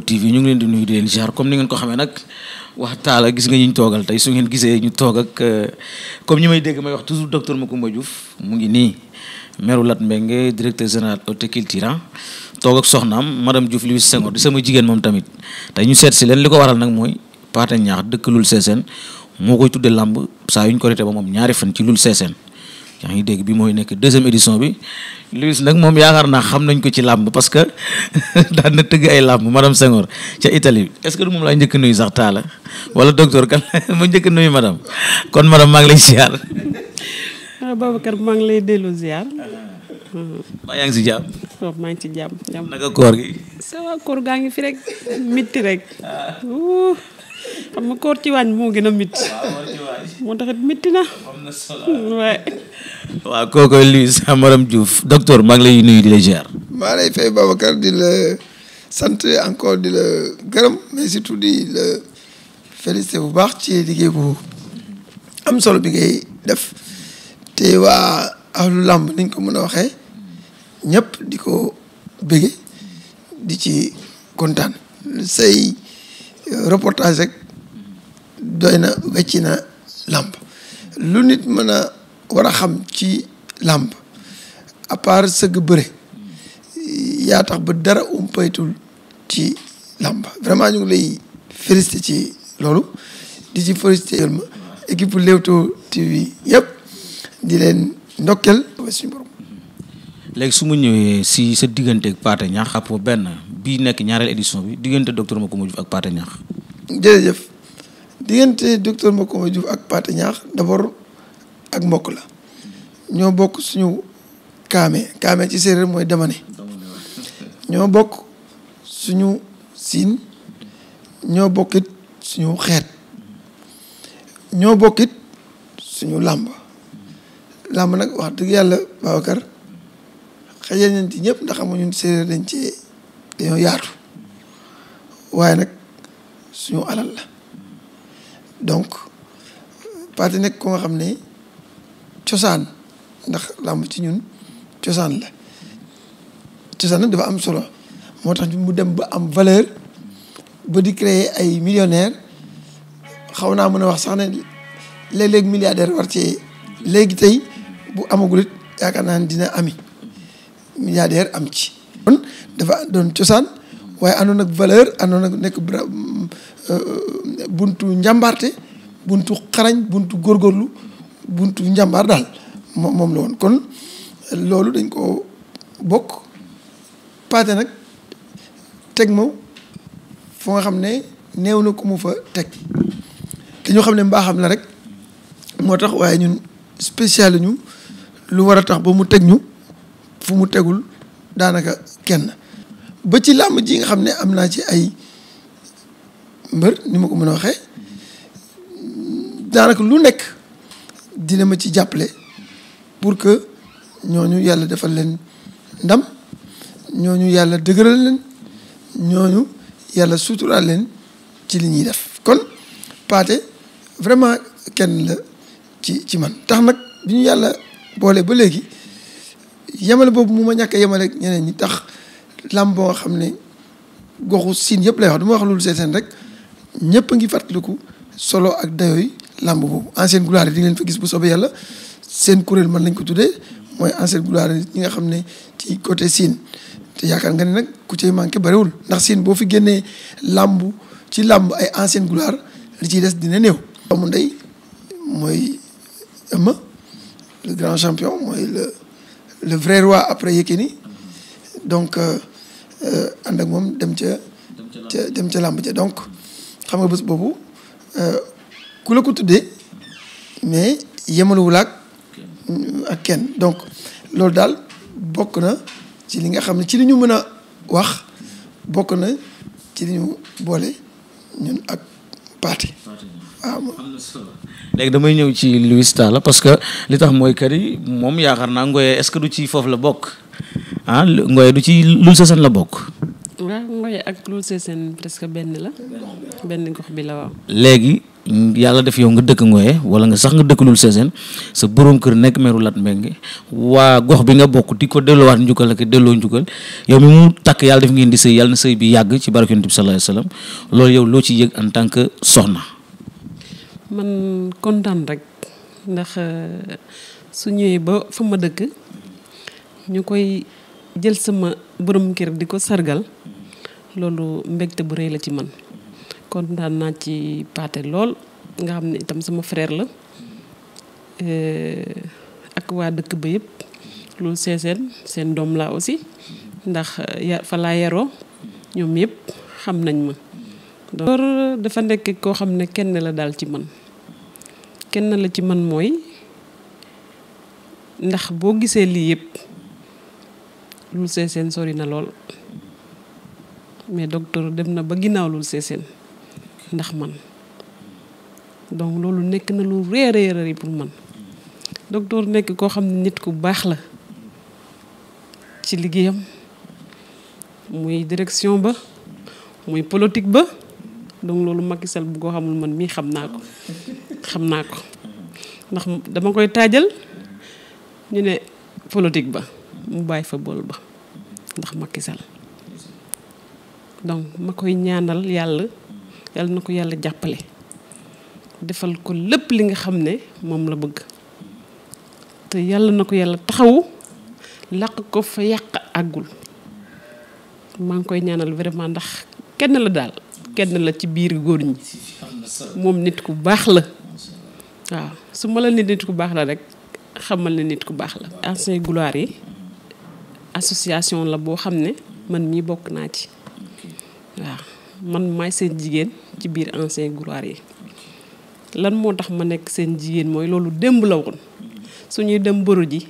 Eco TV ñu ngi leen di nuyu di leen ziar comme ni ngeen ko xamee nag wax taala gis nga ñu toogal tey su ngeen gisee ñu toog euh, comme ñi may dégg may wax toujours docteur Macoumba Diouf mu ngi nii meru Lat Mbengue directeur général horticulture ah, toog ak soxnaam madame Diouf Louis Senghor di sama jigéen moom tamit tey ñu seet si leen li ko waral nag mooy Pathé ñaax dëkk Loul Sessène moo koy tudde làmb saa yuñ ñu ko rite ba moom ñaari fan ci Loul Sessène yaa ngi dégg bi mooy nekk deuxième édition bi Luis nag moom yaakaar naa xam nañ ko ci làmb parce que daan na tëgg ay làmb madame Senghor ca Italie est-ce que du moom laa njëkk nuyu sax taala wala docteur kan ma njëkk nuyu madame kon madame maa ngi lay ziar. waaw ah, Babacar maa ngi lay dellu ziar. maa yaa ngi si jàmm. waaw maa ngi ci jàmm. naka koor gi. sa koor gaa ngi fi rek mitti rek. Ah. xam nga koor ci waañ moo gën a mit moo taxit mitti na waaye waaw kooku Louis Maram Diouf docteur maa lay nuyu di la ziar maa lay fay Babacar di la sant encore di la gërëm mais surtout di la félicité bu baax ci liggéey bu am solo bi ngay def te waa ahlu làmb niñ ko mën a waxee ñëpp di ko bëgge di ci kontaan say reportage rek doy na wecci na làmb lu nit mën a war a xam ci làmb à part sëgg bëre yaa tax ba dara umpaytul ci làmb vraiment ñu ngi lay félicité ci loolu di ci félicité ma équipe Leewtoo TV yëpp di leen ndokkel léegi su ma ñëwee si sa diggante ak Pathé Niang ab benn bii nekk ñaareel édition bi diggante docteur Macoumba Diouf ak Pathé Niang. jërëjëf diggante docteur Macoumba Diouf ak Pathé Niang d'abord ak mbokk la ñoo bokk suñu kaame kaame ci séeréer mooy damane ñoo bokk suñu siin ñoo bokkit suñu xeet ñoo bokkit suñu làmb làmb nag wax dëgg yàlla Babacar xëjal nañ ci ñëpp ndax xam ñun séeréer dañ ci dañoo yaatu waaye nag suñu alal la donc parti nekk koo nga xam ne cosaan ndax làmb ci ñun cosaan la cosaan nag dafa am solo moo tax mu dem ba am valeur ba di créer ay millionnaire xaw naa mën a wax sax ne léeg-léeg milliardaire war ci léegi tey bu amagul it yaakaar naa ne dina ami milliardaire am ci. dafa doon cosaan waaye àndoon ak valeur àndoon ak nekk mm, euh, buntu njàmbaarte buntu xarañ buntu góorgóorlu buntu njàmbaar daal moom la woon kon loolu dañ ko bokk pate nag teg ma foo nga xam ne néew na ku mu fa teg te ñu xam ne mbaaxam la rek moo tax waaye ñun spécial ñu lu war a tax ba mu teg ñu fu mu tegul daanaka kenn ba ci làmb ji nga xam ne am naa ci ay mbër ni ma ko mën a waxee daanaka lu nekk dina ma ci jàppale pour que ñooñu yàlla defal leen ndam ñooñu yàlla dëgëral leen ñooñu yàlla suturaal leen ci li ñuy def kon Pathé vraiment kenn la ci ci man tax nag bi ñu yàlla boole ba léegi yemale boobu mu ma ñàkk a yemale ñeneen ñi tax làmb boo nga xam ne goxu siin yëpp lay wax du ma wax loolu seetaan rek ñëpp a ngi fàttaliku solo ak dayooy làmb boobu ancienne gloire yi di leen fa gis bu soobee yàlla seen kuréel mën nañ ko tuddee mooy ancienne gloire ñi nga xam ne ci côté siin te yaakaar nga ne nag ku cay manqué bariwul ndax siin boo fi génnee làmb ci làmb ay ancienne gloire li ciy des dina néew. doomu ndey mooy Eumeu le grand champion le vrai roi après Yékini donc euh, euh, ànd ak moom dem ca. ca dem ca làmb ca donc xam nga bés boobu euh, ku la ko tuddee mais yemaluwul ak ak kenn donc loolu daal bokk na ci li nga xam ne ci li ñu mën a wax bokk na ci li ñu boole ñun ak parti waaw léegi damay ñëw ci Louis Talla parce que li tax mooy kër moom yaakaar naa Ngoye est-ce que du ci foofu la bokk ah Ngoye du ci Loul Sessène la bokk. waaw Ngoye ak Loul Sessène presque benn la benn gox bi la léegi yàlla def yow nga dëkk Ngoye wala nga sax nga dëkk Loul Sessène sa borom kër nekk meeru Lat Mbengue waa gox bi nga bokk di ko delloowaat njukkal ak delloo njukkal yow mi mu takk yàlla def ngeen di sëy yàlla na sëy bi yàgg ci barke Yonent bi sallallahu alayhi loolu yow loo ci yëg en tant que soxna. man kontaan rek ndax euh, su ñëwee ba fa ma dëkk ñu koy jël sama borom kër di ko sargal loolu mbegte bu rëy la ci man kontaan naa ci paate lool nga xam ne itam sama frère la euh, ak waa dëkk ba yépp loolu seeseen seen doom laa aussi ndax ya fa laa yaroo ñoom yëpp xam nañ ma. door dafa nekk koo xam ne kenn la daal ci man. kenn la ci man mooy ndax boo gisee lii yëpp Loul Sessène sori na lool mais docteur dem na ba ginnaaw Loul Sessène ndax man donc loolu nekk na lu réer yi pour man docteur nekk koo xam ne nit ku baax la ci liggéeyam muy direction ba muy politique ba donc loolu Macky Sall bu ko xamul man mii xam naa ko xam naa ko ndax dama koy taajal ñu ne politique ba mu bàyyi fa bool ba ndax Macky Sall donc ma koy ñaanal yàlla yàlla na ko yàlla jàppale defal ko lépp li nga xam ne moom la bëgg te yàlla na ko yàlla taxawu làq ko fa yàq àggul maa ngi koy ñaanal vraiment ndax kenn la daal kenn la ci biir góor ñi moom nit ku baax la waaw su ma la ne nit ku baax la rek xamal ne nit ku baax la. anciennes gloires yi association la boo xam ne man mii bokk naa ci waaw man maay seen jigéen ci biir anciennes gloires yi lan moo tax ma nekk seen jigéen mooy loolu démb la woon ñuy dem bëru ji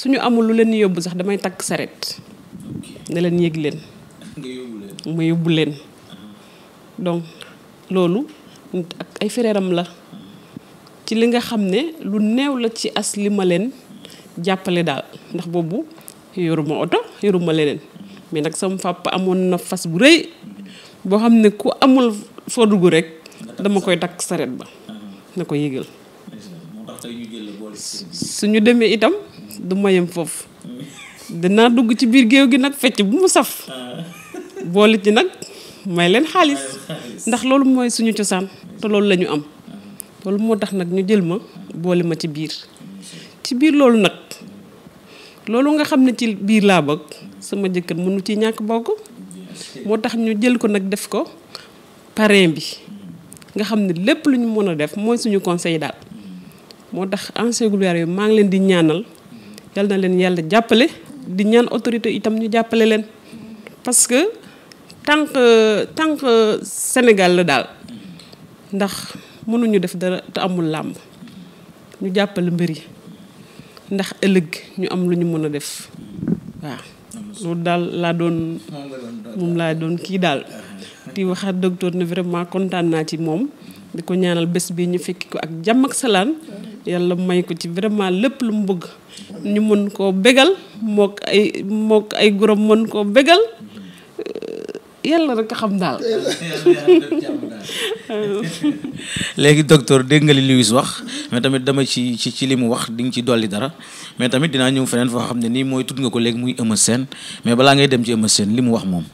suñu amul lu leen yóbbu sax damay takk saret ne leen yëg leen. ma yóbbu leen ah. donc loolu ak ay frèram la. ci li nga xam ne lu néew la ci as ma leen jàppale daal ndax boobu yoruma oto yoruma leneen mais nag sama papa amoon na fas bu rëy boo xam ne ku amul foo dugg rek dama koy takk saret ba na ko yëgal suñu demee itam du ma yem foofu dinaa dugg ci biir géew gi nag fecc bu mu saf boole ci nag may leen xaalis ndax loolu mooy suñu cosaan te loolu la ñu am loolu moo tax nag ñu jël ma boole ma ci biir ci biir loolu nag loolu nga xam ne ci biir laa bëgg sama jëkkër mënu ci ñàkk bokk moo tax ñu jël ko nag def ko parrain bi nga xam ne lépp lu ñu mën a def mooy suñu conseil daal moo tax ancien gloire yi maa ngi leen di ñaanal yal na leen yàlla jàppale di ñaan autorité itam ñu jàppale leen parce que tànk tànk Sénégal la daal ndax mënuñu def dara te amul làmb ñu jàppale mbër yi ndax ëllëg ñu am lu ñu mën a def waaw loolu daal laa doon moom laa doon kii daal di waxaat docteur ne vraiment kontaan naa ci moom di ko ñaanal bés bi ñu fekki ko ak jàmm ak salaan yàlla may ko ci vraiment lépp lu mu bëgg ñu mën koo bégal mook ay mook ay gorom mën koo bégal yàlla rek a xam daal léegi docteur dégg nga li Louis wax mais tamit dama ci ci ci li mu wax di nga ci dolli dara mais tamit dinaa ñëw feneen foo xam ne nii mooy tudd nga ko léegi muy Eumeu Sène mais balaa ngay dem ci Eumeu seen li mu wax moom.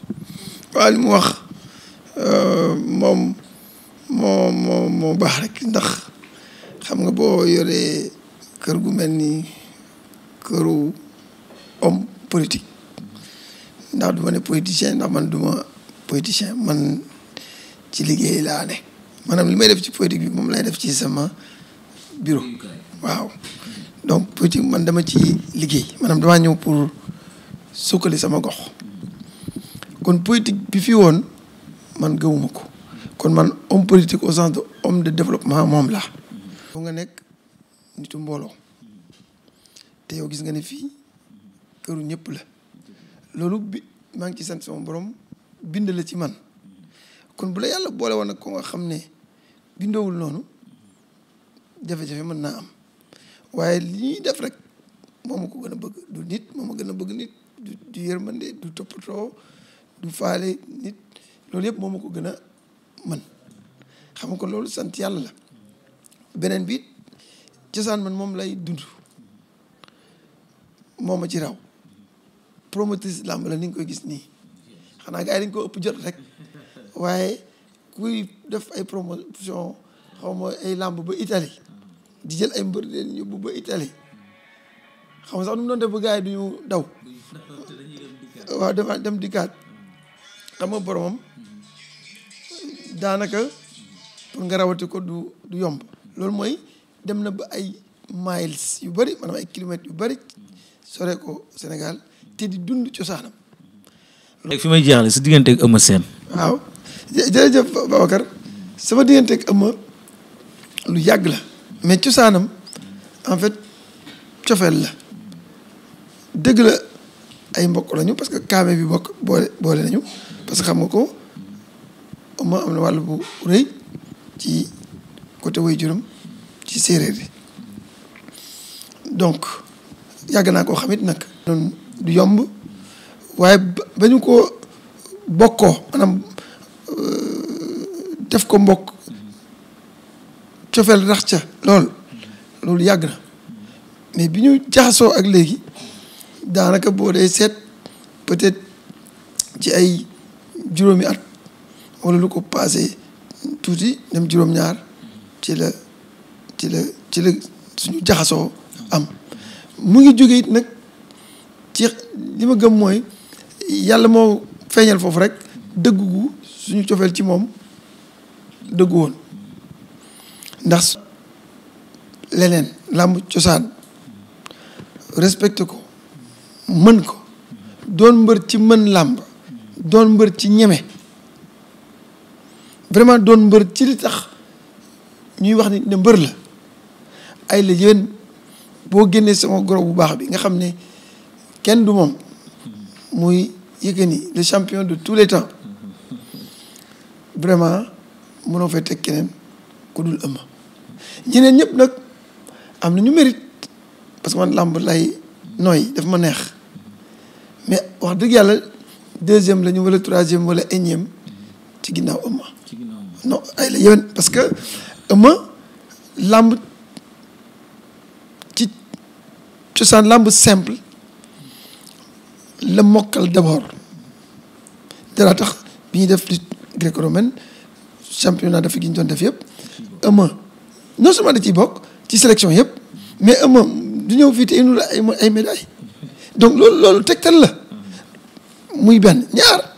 waaw li mu wax euh, moom moo moo moo baax rek ndax xam nga boo yoree kër gu mel ni këru homme politique ndax du ma ne politicien ndax man du ma politicien ci liggéey laa ne maanaam li may def ci politique bi moom lay def ci sama bureau waaw donc politique man dama ci liggéey maanaam damaa ñëw pour sukkali sama gox kon politique bi fi woon man gëwuma ko kon man homme politique au sens de homme de développement moom la foo nga nekk nitu mbooloo te yow gis nga ne fii këru ñëpp la loolu bi maa ngi ci sant sama boroom bind la ci man kon bu la yàlla boole woon nag ko nga xam ne bindoowul noonu jafe-jafe mën naa am waaye li ñuy def rek moom ma ko gën a bëgg du nit gën a bëgg nit du du yërmande du toppatoo du faale nit loolu yëpp moom ma ko gën a mën xam nga kon loolu sant yàlla la beneen bi cosaan man moom lay dund moom ma ci raw promotrice làmb la ni koy gis nii xanaa gars yi dañ ko ëpp jot rek waaye kuy def ay promotion xaw ma ay làmb ba Italie di jël ay mbër leen yóbbu ba Italie xam sax nu mu doon def ba gars yi daw waaw dama dem dikkaat xam nga boromam daanaka pour nga rawati ko du du yomb loolu mooy dem na ba ay miles yu bëri maanaam ay kilomètres yu bëri sore ko Sénégal te di dund cosaanam. léegi fi may jeexale sa diggante ak Eumeu Sène waaw jërëjëf Babacar sama digganteeg ëmma lu yàgg la mais cosaanam en fait cofeel la dëgg la ay mbokk lañu parce que kaame bi bokk boole boole nañu parce que xam nga ko ëmma am na wàll bu rëy ci côté way juróom ci séeréer bi donc yàgg naa koo xamit nag noonu du yomb waaye ba ñu ko bokkoo maanaam def ko mbokk cofeel rax ca lool loolu yàgg na mais bi ñu jaxasoo ak léegi daanaka boo dee seet peut-être ci ay juróomi at wala lu ko passé tuuti dem juróom-ñaar ci la ci la ci la suñu jaxasoo am mu ngi jóge it nag ci li ma gëm mooy yàlla moo feeñal foofu rek dëggu gu suñu cofeel ci moom dëggu woon ndax leneen làmb cosaan respecté ko mën ko doon mbër ci mën làmb doon mbër ci ñeme vraiment doon mbër ci li tax ñuy wax ni ne mbër la ay la yéen boo génnee sama goro bu baax bi nga xam ne kenn du moom muy ni le champion de tous les temps vraiment mënoo fay teg keneen ku dul ëmb ñeneen ñëpp nag am na ñu mérite parce que man làmb lay nooy daf ma neex mais wax dëgg yàlla deuxième la ñu wala troisième wala énième ci ginnaaw ëmb. non ay la yéen parce que ama làmb ci cosaan lamb simple la mokkal d'abord dara tax bi ñuy def lutte gréco championnat def gi ñu doon def yëpp. Eumeu non seulement da ciy bokk ci sélection yëpp mais Eumeu du ñëw fii te indul ay ay médailles donc loolu loolu teg tegtal la muy benn ñaar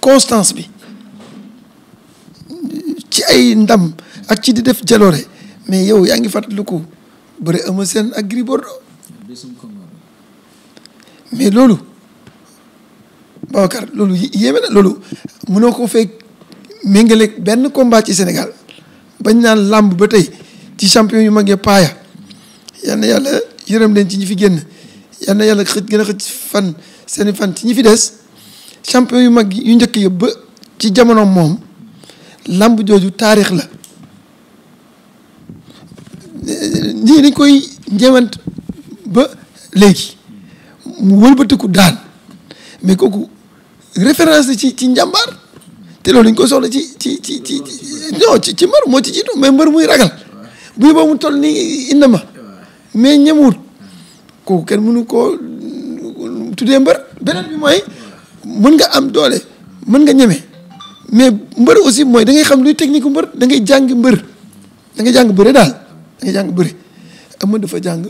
constance bi ci ay ndam ak ci di def jaloore mais yow yaa ngi fàttaliku bëri ama Sène ak Gris Bordeaux mais loolu Babacar loolu yéeme na loolu mënoo ko fekk. méngale benn combat ci Sénégal bañ naan làmb ba tey ci champion yu mag ya paaya yal yàlla yërëm leen ci ñi fi génn yal yàlla xëj gën a xëj fan seeni fan ci ñi fi des champion yu mag yu njëkk yëpp ba ci jamono moom làmb jooju taarix la ñii dañ koy njëwant ba léegi mu wëlbatiku daan mais kooku référence ci ci njàmbaar te loolu ñu ko soxla ci ci ci ci non ci ci mbër moo ci jiitu mais mbër muy ragal buy boobu mu toll nii indi ma mais ñemewut ko kenn mënu koo tuddee mbar beneen bi mooy mën nga am doole mën nga ñeme mais mbër aussi mooy da ngay xam luy technique bu mbër da ngay jàng mbër da ngay jàng bëre daal da ngay jàng bëre ama dafa jàng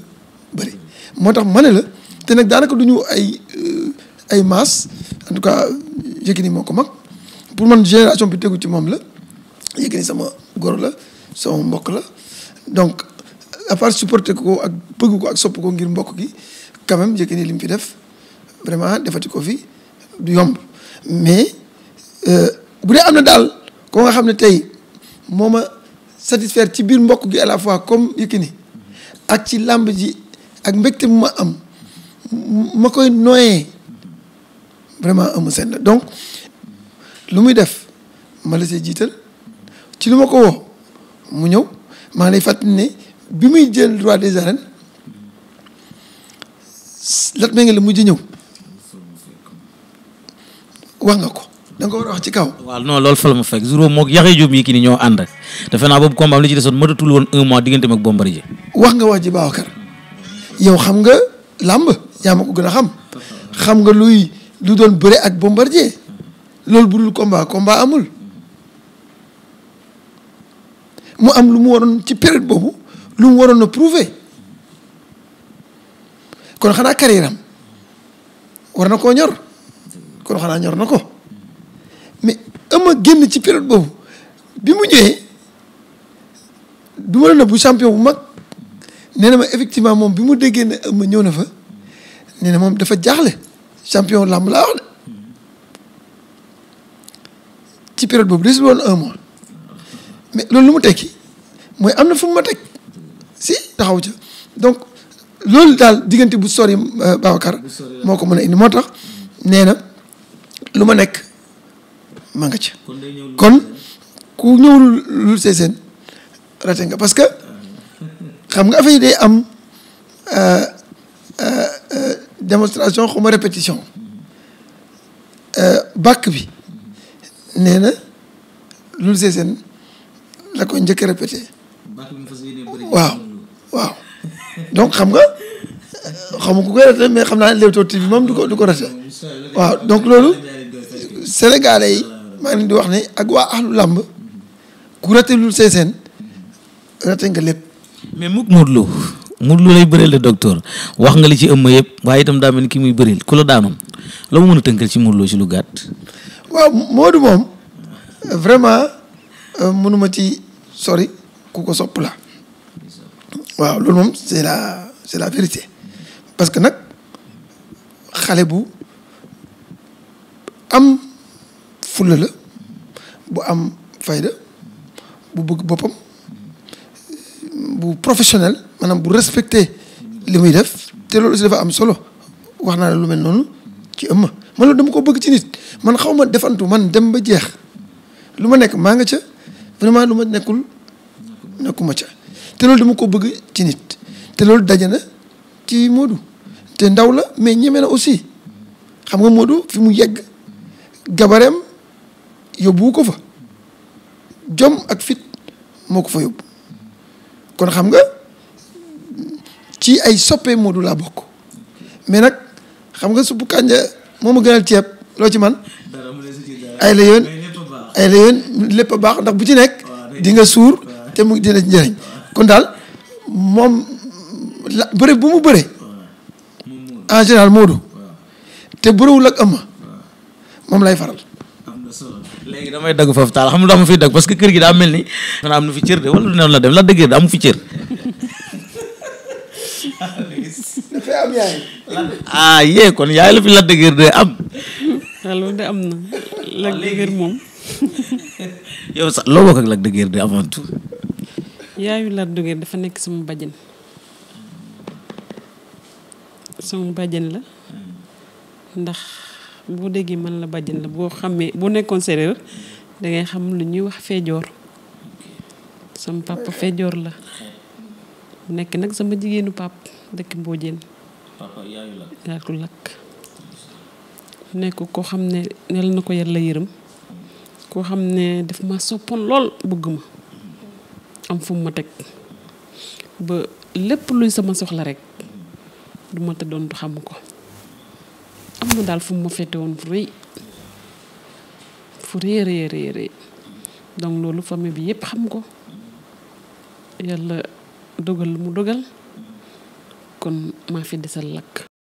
bëri moo tax ma ne la te nag daanaka du ñu ay euh, ay maas en tout cas Yékini moo ko mag pour man génération bi tegu ci moom la Yékini sama goro la sama mbokk la donc à part ko ak bëgg ko ak sopp ko ngir mbokk gi quand même Yékini li mu fi def vraiment defati ko fi du yomb mais euh, bu dee am na daal koo nga xam ne tey moo ma satisfaire ci biir mbokk gi à la fois comme Yékini ak ci làmb ji ak mbégte mu ma am ma koy noyee vraiment amu seen la donc lu muy def ma la see jiital ci lu ma ko woo mu ñëw maa lay fàttali ne bi muy jël roi des arènes lat mee nga la mujj ñëw wax nga ko da war a wax ci kaw. waaw non loolu fa la ma fekk juróom moo yaxee jub yi ki ni ñoo ànd defe naa boobu combat li ci desoon ma woon un mois diggante ak Bombardier wax nga wax ji Babacar yow xam nga làmb yaa ma ko gën a xam xam nga luy lu doon bëre ak Bombardier loolu dul combat combat amul mu am lu mu waroon ci période boobu lu mu waroon a prouver kon xanaa carrière am war na koo ñor kon xanaa ñor na ko mais ama génn ci période boobu bi mu ñëwee du ma la bu champion wu mag nee na ma effectivement moom bi mu déggee ne ama ñëw na fa nee na moom dafa jaaxle champion làmb laa wax période boobu des woon un mois mais loolu lu mu tekki mooy am na fu ma teg si taxaw ca donc loolu daal diggante bu sori euh, Babacar moo ko mën a indi moo tax nee na lu ma nekk ma nga ca kon ku ñëwul lu seeseen rate nga parce que xam nga affaire yi day am euh, euh, démonstration xaw ma répétition bàkk bi nee na Loul Sessène la ko njëkk répété. waaw waaw donc xam nga xam ku koy rate mais xam naa ne Leewtoo TV moom du ko du ko rate waaw donc loolu sénégalais maa ngi di wax ne ak waa ahlu làmb ku rate Loul Sessène rate nga lépp. mais mukk Modou Lo Modou Lo lay bëreel le docteur wax nga li ci ëmb yëpp waaye itam daa mel ni ki muy bëreel ku la daanam la mu mën a tënkal ci Modou Lo ci lu gàtt. waaw Modou moom vraiment euh, mënuma ci sori ku ko sopp la waaw loolu moom c'est la c'est la vérité parce que nag xale bu am fulla la bu am fayda bu bëgg boppam bu professionnel maanaam bu respecté li muy def te loolu aussi dafa am solo wax naa la lu mel noonu ci ëmma man loolu dama ko bëgg ci nit man xaw ma defantu man dem ba jeex lu ma nekk maa nga ca vraiment lu ma nekkul nekkuma ca te loolu dama ko bëgg ci nit te loolu daje na ci moodu te ndaw la mais ñeme na aussi xam nga Modou fi mu yegg gabareem yóbbu ko fa jom ak fit moo ko fa yóbbu kon xam nga ci ay soppee Modou laa bokk mais nag xam nga suppu kànja moo ma gënal ceeb. loo ci man ay yoon lépp a baax ndax bu ci nekk di nga suur te mu dina njëriñ kon daal moom la bëre bu mu bëre en général Modou te bëriwul ak ëmma moom lay faral. léegi damay dagg foofu taal daa ma fiy dagg parce que kër gi daa mel ni. maanaam am na fi cër de wala lu ne la dem la dëgg da amu fi cër. ah yee kon yaay la fi la dëgg de am. loolu de am na. Lac de Guiers moom. yow sax loo bokk ak Lac de de avant tout. yaayu Lac de dafa nekk sama bàjjen sama bàjjen la ndax boo déggee man la bàjjen la boo xamee boo nekkoon séeréer dangay xam lu ñuy wax feejoor sama papa feejoor la nekk nag sama jigéenu pap dëkk Mbodiène. papa yaayu Lac. nekk koo xam ne nel na ko yàlla yërëm koo xam ne daf ma soppoon lool bëgg ma am fum ma teg ba lépp luy sama soxla rek du ma te doon du xam ko am na daal fu ma fete woon fu rëy fu rëy rëy rëy rëy donc loolu famille bi yépp xam ko yàlla dogal lu mu dogal kon maa fi desal lakk